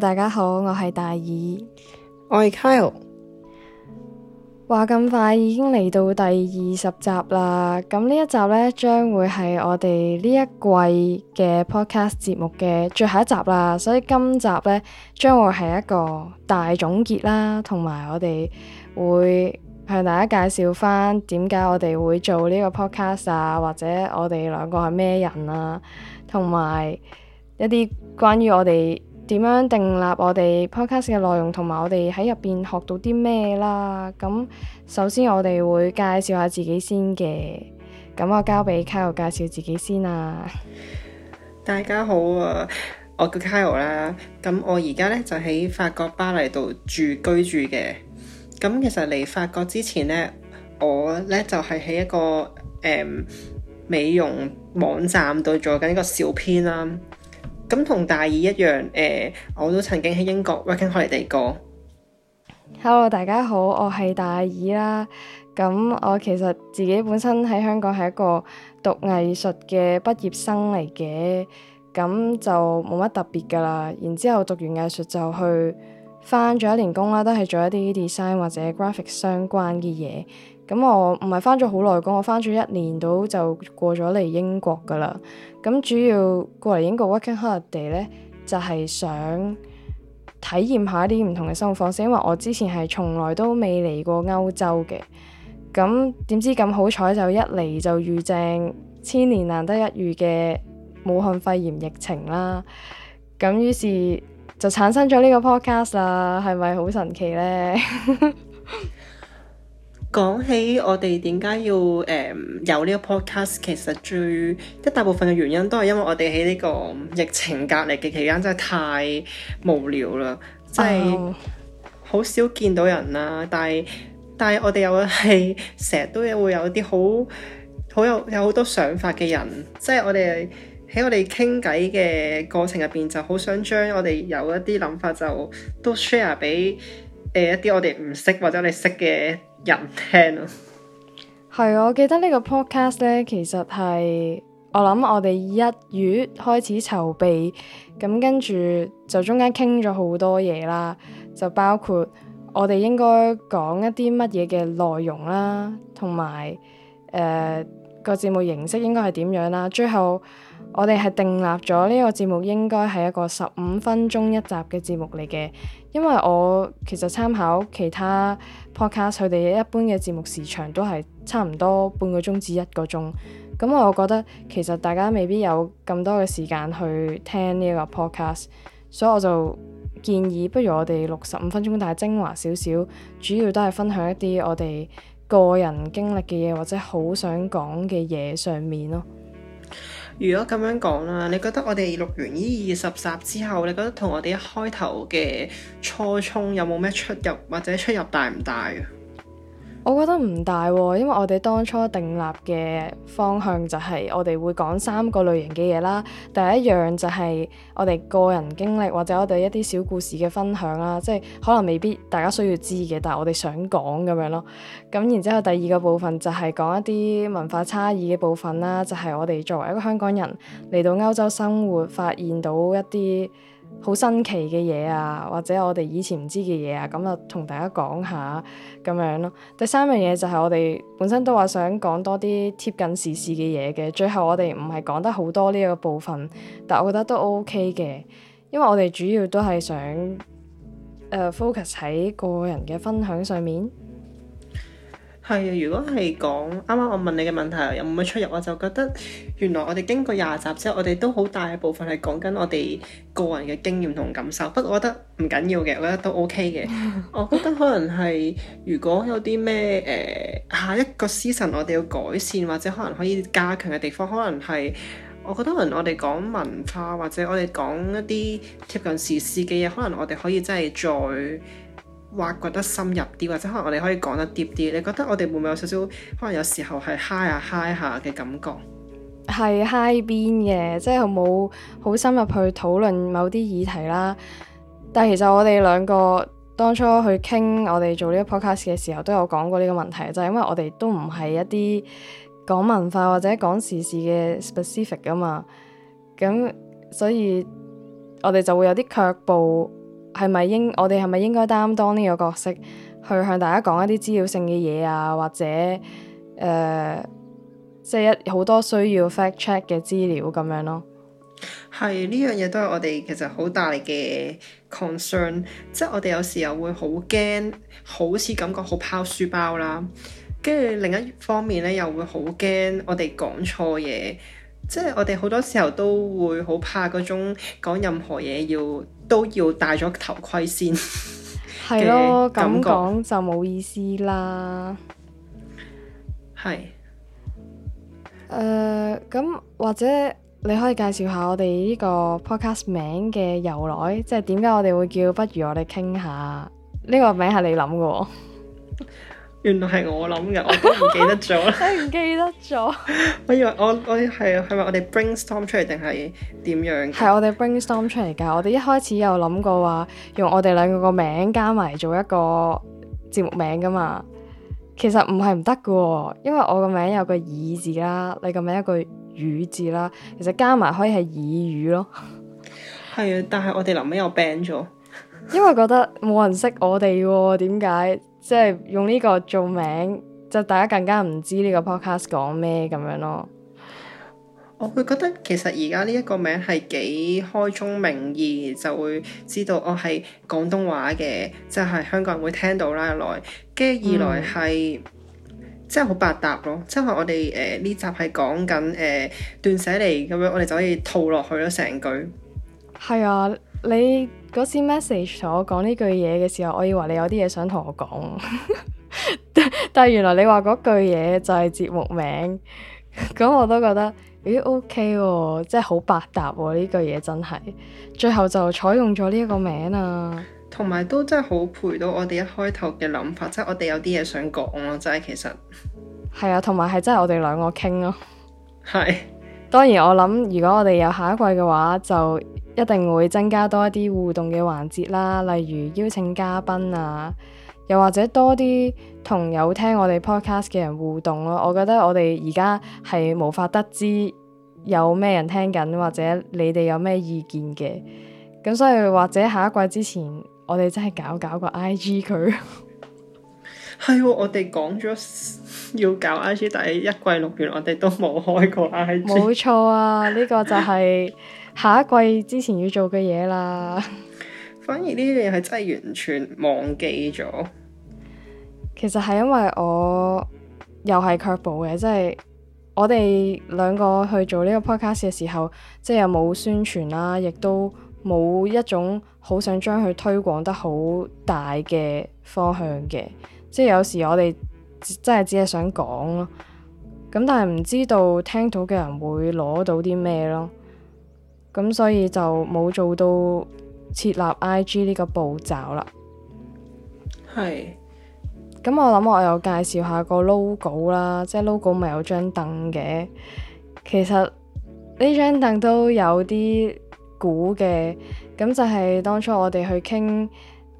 大家好，我係大耳，我係 Kyle。話咁快已經嚟到第二十集啦，咁呢一集呢，將會係我哋呢一季嘅 podcast 節目嘅最後一集啦，所以今集呢，將會係一個大總結啦，同埋我哋會向大家介紹翻點解我哋會做呢個 podcast 啊，或者我哋兩個係咩人啊，同埋一啲關於我哋。點樣訂立我哋 podcast 嘅內容，同埋我哋喺入邊學到啲咩啦？咁首先我哋會介紹下自己先嘅。咁我交俾 Kyle 介紹自己先啦。大家好啊，我叫 Kyle 啦。咁我而家呢，就喺法國巴黎度住居住嘅。咁其實嚟法國之前呢，我呢，就係、是、喺一個誒、嗯、美容網站度做緊一個小編啦、啊。咁同大耳一樣，誒、呃，我都曾經喺英國 working holiday 過。Hello，大家好，我係大耳啦。咁我其實自己本身喺香港係一個讀藝術嘅畢業生嚟嘅，咁就冇乜特別㗎喇。然之後讀完藝術就去返咗一年工啦，都係做一啲 design 或者 graphic 相關嘅嘢。咁我唔係翻咗好耐噶，我翻咗一年到就過咗嚟英國噶啦。咁主要過嚟英國 working holiday 咧，就係、係、想體驗一下一啲唔同嘅生活方式，因為我之前係從來都未嚟過歐洲嘅。咁點知咁好彩就一嚟就遇正千年難得一遇嘅武漢肺炎疫情啦。咁於是就產生咗呢個 podcast 啦，係咪好神奇呢？ 講起我哋點解要誒、um，有呢個 podcast，其實最一大部分嘅原因都係因為我哋喺呢個疫情隔離嘅期間真係太無聊啦，即係好少見到人啦、啊。但係但係我哋又係成日都會有啲好好有有好多想法嘅人，即係我哋喺我哋傾偈嘅過程入邊就好想將我哋有一啲諗法就都 share 俾。欸、一啲我哋唔識或者你識嘅人聽咯，係我記得呢個 podcast 咧，其實係我諗我哋一月開始籌備，咁跟住就中間傾咗好多嘢啦，就包括我哋應該講一啲乜嘢嘅內容啦，同埋誒、呃個節目形式應該係點樣啦，最後我哋係訂立咗呢個節目應該係一個十五分鐘一集嘅節目嚟嘅，因為我其實參考其他 podcast 佢哋一般嘅節目時長都係差唔多半個鐘至一個鐘，咁我覺得其實大家未必有咁多嘅時間去聽呢個 podcast，所以我就建議不如我哋錄十五分鐘但係精華少少，主要都係分享一啲我哋個人經歷嘅嘢或者好想講嘅嘢上面囉。如果咁樣講啦，你覺得我哋錄完呢二十集之後，你覺得同我哋一開頭嘅初衷有冇咩出入，或者出入大唔大？我覺得唔大喎，因為我哋當初訂立嘅方向就係我哋會講三個類型嘅嘢啦。第一樣就係我哋個人經歷或者我哋一啲小故事嘅分享啦，即係可能未必大家需要知嘅，但係我哋想講咁樣咯。咁然之後第二個部分就係講一啲文化差異嘅部分啦，就係我哋作為一個香港人嚟到歐洲生活，發現到一啲好新奇嘅嘢啊，或者我哋以前唔知嘅嘢啊，咁啊同大家講下咁樣咯。第三樣嘢就係我哋本身都話想講多啲貼近時事嘅嘢嘅。最後我哋唔係講得好多呢個部分，但我覺得都 OK 嘅，因為我哋主要都係想誒、呃、focus 喺個人嘅分享上面。係啊，如果係講啱啱我問你嘅問題又唔會出入，我就覺得原來我哋經過廿集之後，我哋都好大一部分係講緊我哋個人嘅經驗同感受。不過我覺得唔緊要嘅，我覺得都 OK 嘅。 我覺得可能係如果有啲咩誒下一個 season，我哋要改善或者可能可以加強嘅地方，可能係我覺得可能我哋講文化或者我哋講一啲貼近時事嘅嘢，可能我哋可以真係再挖掘得深入啲，或者可能我哋可以講得啲啲，你覺得我哋會唔會有少少，可能有時候係嗨呀嗨下嘅感覺？係嗨 i 邊嘅，即係冇好深入去討論某啲議題啦。但係其實我哋兩個當初去傾，我哋做呢個 podcast 嘅時候都有講過呢個問題，就係因為我哋都唔係一啲講文化或者講時事嘅 specific 㗎嘛，咁所以我哋就會有啲卻步。係咪應，我哋係咪應該擔當呢個角色去向大家講一啲資料性嘅嘢啊，或者誒，即係一好多需要 fact check 嘅資料咁樣咯？係，呢樣嘢都係我哋其實好大嘅 concern，即係我哋有時候會好驚，好似感覺好拋書包啦，跟住另一方面咧又會好驚我哋講錯嘢。即係我哋好多時候都會好怕嗰種講任何嘢要都要戴咗頭盔先，係咯，咁講就冇意思啦。係是。誒、uh,，咁或者你可以介紹下我哋呢個 podcast 名嘅由來，即係點解我哋會叫不如我哋傾下呢，這個名係你諗嘅喎 原來係我諗嘅，我都唔記得咗。你唔 記得了咗？ 我以為我我係係咪我哋 brainstorm 出嚟定係點樣？係我哋 brainstorm 出嚟㗎。我哋一開始有諗過話用我哋兩個個名加埋做一個節目名㗎嘛。其實唔係唔得嘅，因為我名個名有個耳字啦，你個名有一個語字啦，其實加埋可以係耳語咯。係啊，但係我哋臨尾又病咗，因為覺得冇人識我哋喎、啊，點解？即係用呢個做名，就大家更加唔知呢個 podcast 講咩咁樣咯。我會覺得其實而家呢一個名係幾開宗明義，就會知道我係廣東話嘅，就係、是、香港人會聽到啦。來，跟住二來係即係好百搭咯。即係我哋誒呢集係講緊誒斷捨離，咁樣，我哋就可以套落去咯成句。係啊。你嗰次 message 同我講呢句嘢嘅時候，我以為你有啲嘢想同我講， 但係原來你話嗰句嘢就係節目名，咁 我都覺得咦 OK，即係好百搭呢，啊、句嘢真係，最後就採用咗呢一個名啊，同埋都真係好陪到我哋一開頭嘅諗法，即係我哋有啲嘢想講咯，真係其實係啊，同埋係真係我哋兩個傾咯，啊，係是，當然我諗如果我哋有下一季嘅話就。一定會增加多一啲互動嘅環節啦，例如邀請嘉賓啊，又或者多啲同有聽我哋 podcast 嘅人互動咯。我覺得我哋而家係無法得知有咩人聽緊，或者你哋有咩意見嘅。咁所以或者下一季之前，我哋真係搞搞個 IG 佢。係喎，我哋講咗要搞 IG，但係一季六月我哋都冇開過 IG。 冇錯啊，呢、呢個就係。 下一季之前要做嘅嘢啦，反而呢啲嘢係真係完全忘記咗。 其實係因為我又係確保嘅，即係我哋兩個去做呢個 podcast 嘅時候，即係又冇宣傳啦，亦都冇一種好想將佢推廣得好大嘅方向嘅。即係有時我哋真係只係想講咯，咁但係唔知道聽到嘅人會攞到啲咩咯。咁所以就冇做到設立 IG 呢個步驟啦。係。咁我諗我有介紹下個 logo 啦，即係 logo 咪有張凳嘅。其實呢張凳都有啲古嘅，咁就係當初我哋去傾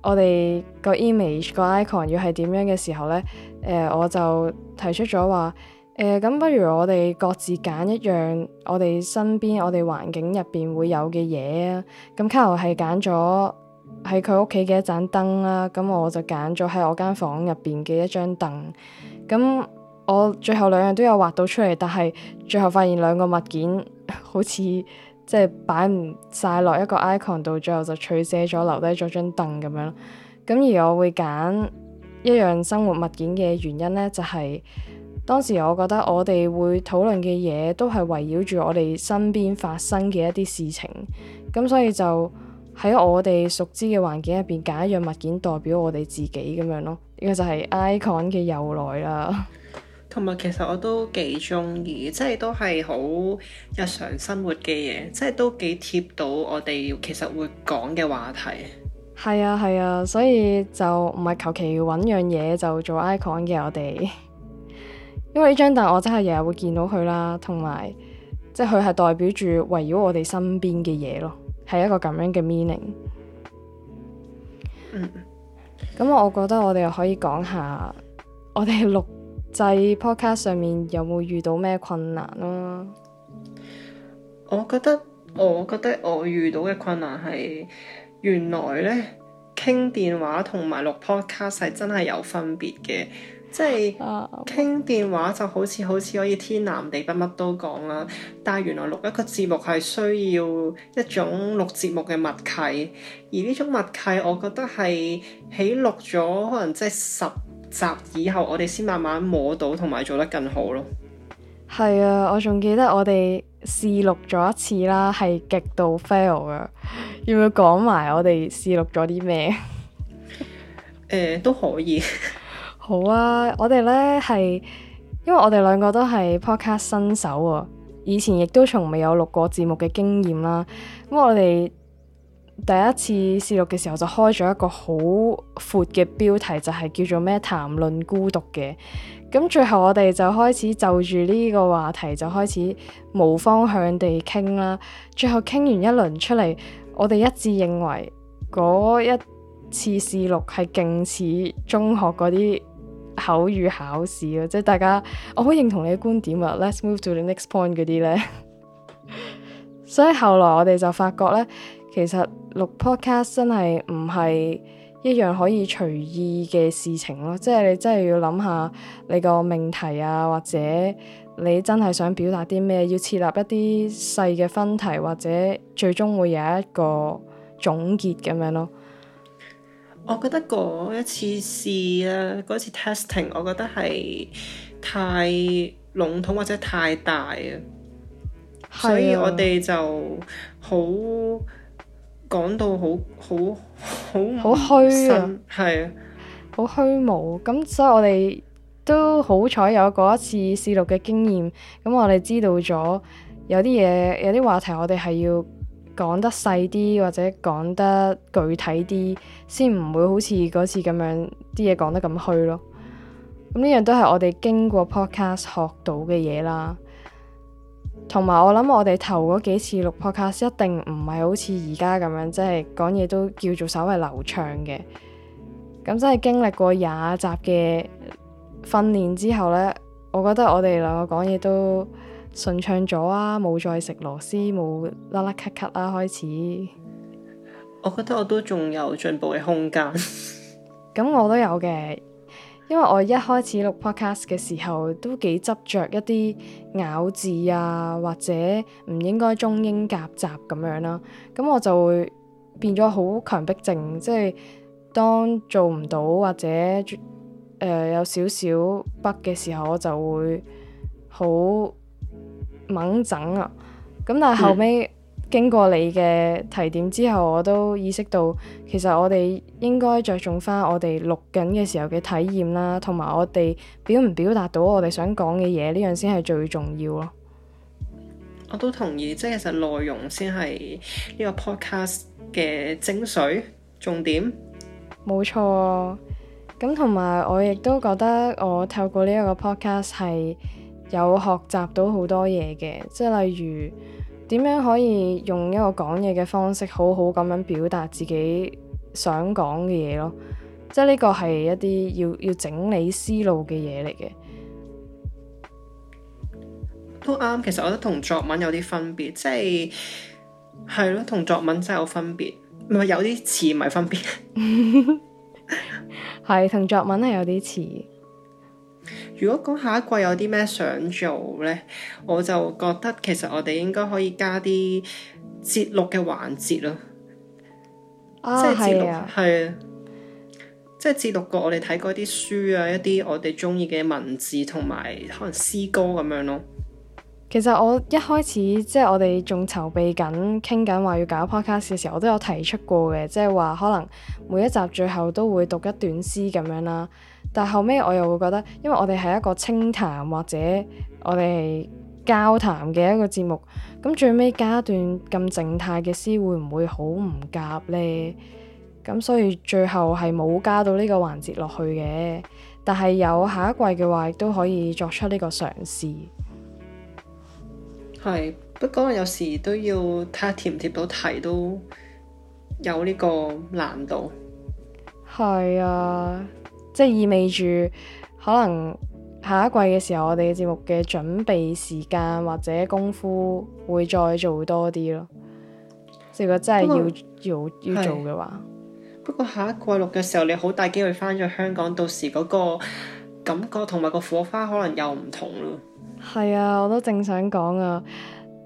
我哋個 image 個 icon 要係點樣嘅時候呢，誒，我就提出咗話。誒，咁、欸、不如我哋各自揀一樣我哋身邊、我哋環境入邊會有嘅嘢啊。咁 Caro 係揀咗喺佢屋企嘅一盞燈啦，咁我就揀咗喺我間房入邊嘅一張凳。咁我最後兩樣都有畫到出嚟，但係最後發現兩個物件好似即係擺唔晒落一個 icon 度，最後就取捨咗，留低咗張凳咁樣。咁而我會揀一樣生活物件嘅原因咧，就係、是。當時我覺得我哋會討論嘅嘢都係圍繞住我哋身邊發生嘅一啲事情，咁所以就喺我哋熟知嘅環境入邊揀一樣物件代表我哋自己咁樣咯。呢個就係 icon 嘅由來啦，同埋其實我都幾鍾意，即係都係好日常生活嘅嘢，即係都幾貼到我哋其實會講嘅話題。係 啊，係啊，所以就唔係求其揾樣嘢就做 icon 嘅我哋。因為呢張凳，我真係日日會見到佢啦，同埋即係佢係代表住圍繞我哋身邊嘅嘢咯，係一個咁樣嘅 meaning。嗯，咁我我覺得我哋可以講下我哋錄製 podcast 上面有冇遇到咩困難咯？我覺得，我覺得我遇到嘅困難係原來呢，傾電話同埋錄 podcast 係真係有分別嘅。即係傾、啊、電話就好似好似可以天南地北乜都講啦，但係原來錄一個節目係需要一種錄節目嘅默契，而呢種默契，我覺得係喺錄咗可能即係十集以後，我哋先慢慢摸到同埋做得更好咯。係啊，我仲記得我哋試錄咗一次啦，係極度 fail 㗎。 要唔要講埋我哋試錄咗啲咩？誒，都可以。好啊！我哋呢係，因為我哋兩個都係 Podcast 新手啊、哦，以前亦都從未有錄過節目嘅經驗啦。咁我哋第一次試錄嘅時候就開咗一個好闊嘅標題，就係、是、叫做咩談論孤獨嘅。咁最後我哋就開始就住呢個話題就開始無方向地傾啦。最後傾完一輪出嚟，我哋一致認為嗰一次試錄係勁似中學嗰啲口語考試咯，即係大家，我好認同你嘅觀點啊。Let's move to the next point 嗰啲咧。 所以後來我哋就發覺咧，其實錄 podcast 真係唔係一樣可以隨意嘅事情咯。即係你真係要諗下你個命題啊，或者你真係想表達啲咩，要設立一啲細嘅分題，或者最終會有一個總結咁樣咯。我覺得嗰一次試啊，嗰次 testing，我覺得係太籠統或者太大啊，所以我哋就好講到好好好好虛啊，係啊，好虛無。咁所以我哋都好彩有嗰一次試錄嘅經驗，咁我哋知道咗有啲嘢，有啲話題我哋係要講得細啲或者講得具體啲，先唔會好似嗰次咁樣啲嘢講得咁虛咯。咁、嗯、呢樣都係我哋經過 podcast 學到嘅嘢啦。同埋我諗我哋頭嗰幾次錄 podcast 一定唔係好似而家咁樣，即係講嘢都叫做稍微流暢嘅。咁、嗯、真係經歷過廿集嘅訓練之後呢，我覺得我哋兩個講嘢都～順暢咗啊！冇再食螺絲，冇拉拉咳咳啦。開始，我覺得我都仲有進步嘅空間。咁 我都有嘅，因為我一開始錄 podcast 嘅時候都幾執着一啲咬字啊，或者唔應該中英夾雜咁樣啦。咁我就會變咗好強迫症，即係當做唔到或者誒、呃、有少少 bug 嘅時候，我就會好猛整啊！咁但係後屘尾、嗯、經過你嘅提點之後，我都意識到其實我哋應該着重翻，我哋錄緊嘅時候嘅體驗啦，同埋我哋表唔表達到我哋想講嘅嘢，呢樣先係最重要咯、啊。我都同意，即係其實內容先係呢個 podcast 嘅精髓重點。冇錯、啊，咁同埋我亦都覺得我透過呢一個 podcast 係。有學習到好多嘢嘅，即係例如點樣可以用一個講嘢嘅方式，好好咁樣表達自己想講嘅嘢咯。即係呢個係一啲要要整理思路嘅嘢嚟嘅，都啱。其實我覺得同作文有啲分別，即係係咯，同作文真係有分別，唔係有啲似唔係分別，係 同 作文係有啲似。如果講下一季有啲咩想做咧？我就覺得其實我哋應該可以加啲節錄嘅環節咯。哦、即係節錄啊，係啊，即係節錄過我哋睇過啲書啊，一啲我哋中意嘅文字同埋可能詩歌咁樣咯。其實我一開始即係我哋仲籌備緊、傾緊話要搞 podcast 嘅時候，我都有提出過嘅，即係話可能每一集最後都會讀一段詩咁樣啦。但後尾我又會覺得，因為我哋係一個清談或者我哋係交談嘅一個節目，咁最尾加一段咁靜態嘅詩，會唔會好唔夾呢？咁所以最後係冇加到呢個環節落去嘅。但係有下一季嘅話，亦都可以作出呢個嘗試。係，不過有時都要睇下貼唔貼到題，都有呢個難度。係啊，即係意味住可能下一季嘅時候，我哋嘅節目嘅準備時間或者功夫會再做多啲咯。如果真係要，那個，要要，要做嘅話，不過下一季錄嘅時候，你好大機會翻咗香港，到時嗰個。 感覺同埋個火花可能又唔同咯。係啊，我都正想講啊，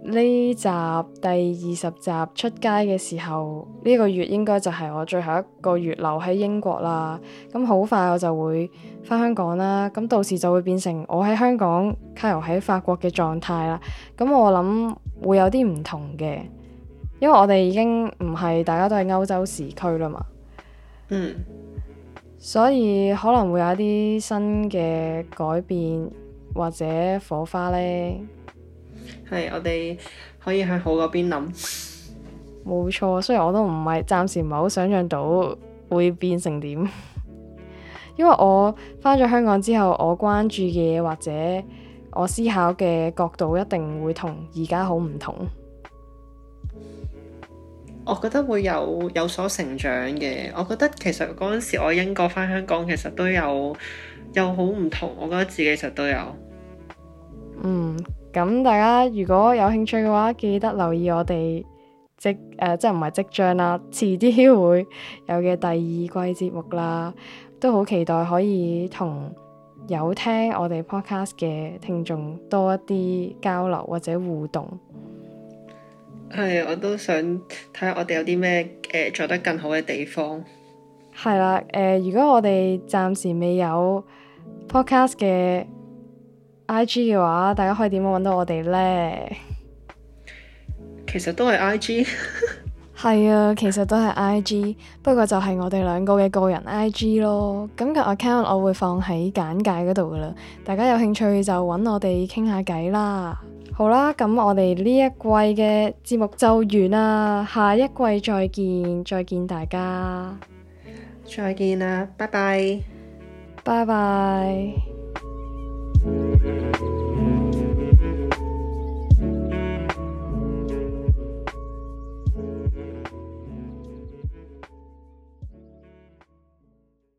呢集第二十集出街嘅時候，呢個月應該就係我最後一個月留喺英國啦。咁好快我就會返香港啦。咁到時就會變成我喺香港，卡油喺法國嘅狀態啦。咁我諗會有啲唔同嘅，因為我哋已經唔係大家都係歐洲時區啦嘛。嗯。所以可能會有一啲新嘅改變或者火花呢。係我哋可以去好嗰邊諗，冇錯。雖然我都唔係暫時唔係好想象到會變成點， 因為我返咗香港之後，我關注嘅嘢或者我思考嘅角度，一定會同而家好唔同。我覺得會有有所成長嘅，我覺得其實嗰陣時我喺英國翻香港，其實都有又好唔同，我覺得自己其實都有。嗯，咁大家如果有興趣嘅話，記得留意我哋即誒、呃，即係唔係即將啦，遲啲會有嘅第二季節目啦，都好期待可以同有聽我哋 podcast 嘅聽眾多一啲交流或者互動。係，我都想睇下我哋有啲咩誒做得更好嘅地方。係啦，誒、呃，如果我哋暫時未有 podcast 嘅 IG 嘅話，大家可以點樣揾到我哋呢其？ 其實都係 IG。係啊，其實都係 IG，不過就係我哋兩個嘅個人 IG 咯。咁、那、嘅、個、account 我會放喺簡介嗰度噶啦，大家有興趣就揾我哋傾下偈啦。好啦，咁我哋呢一季嘅節目就完啦，下一季再見，再見大家，再見啦，拜拜，拜拜。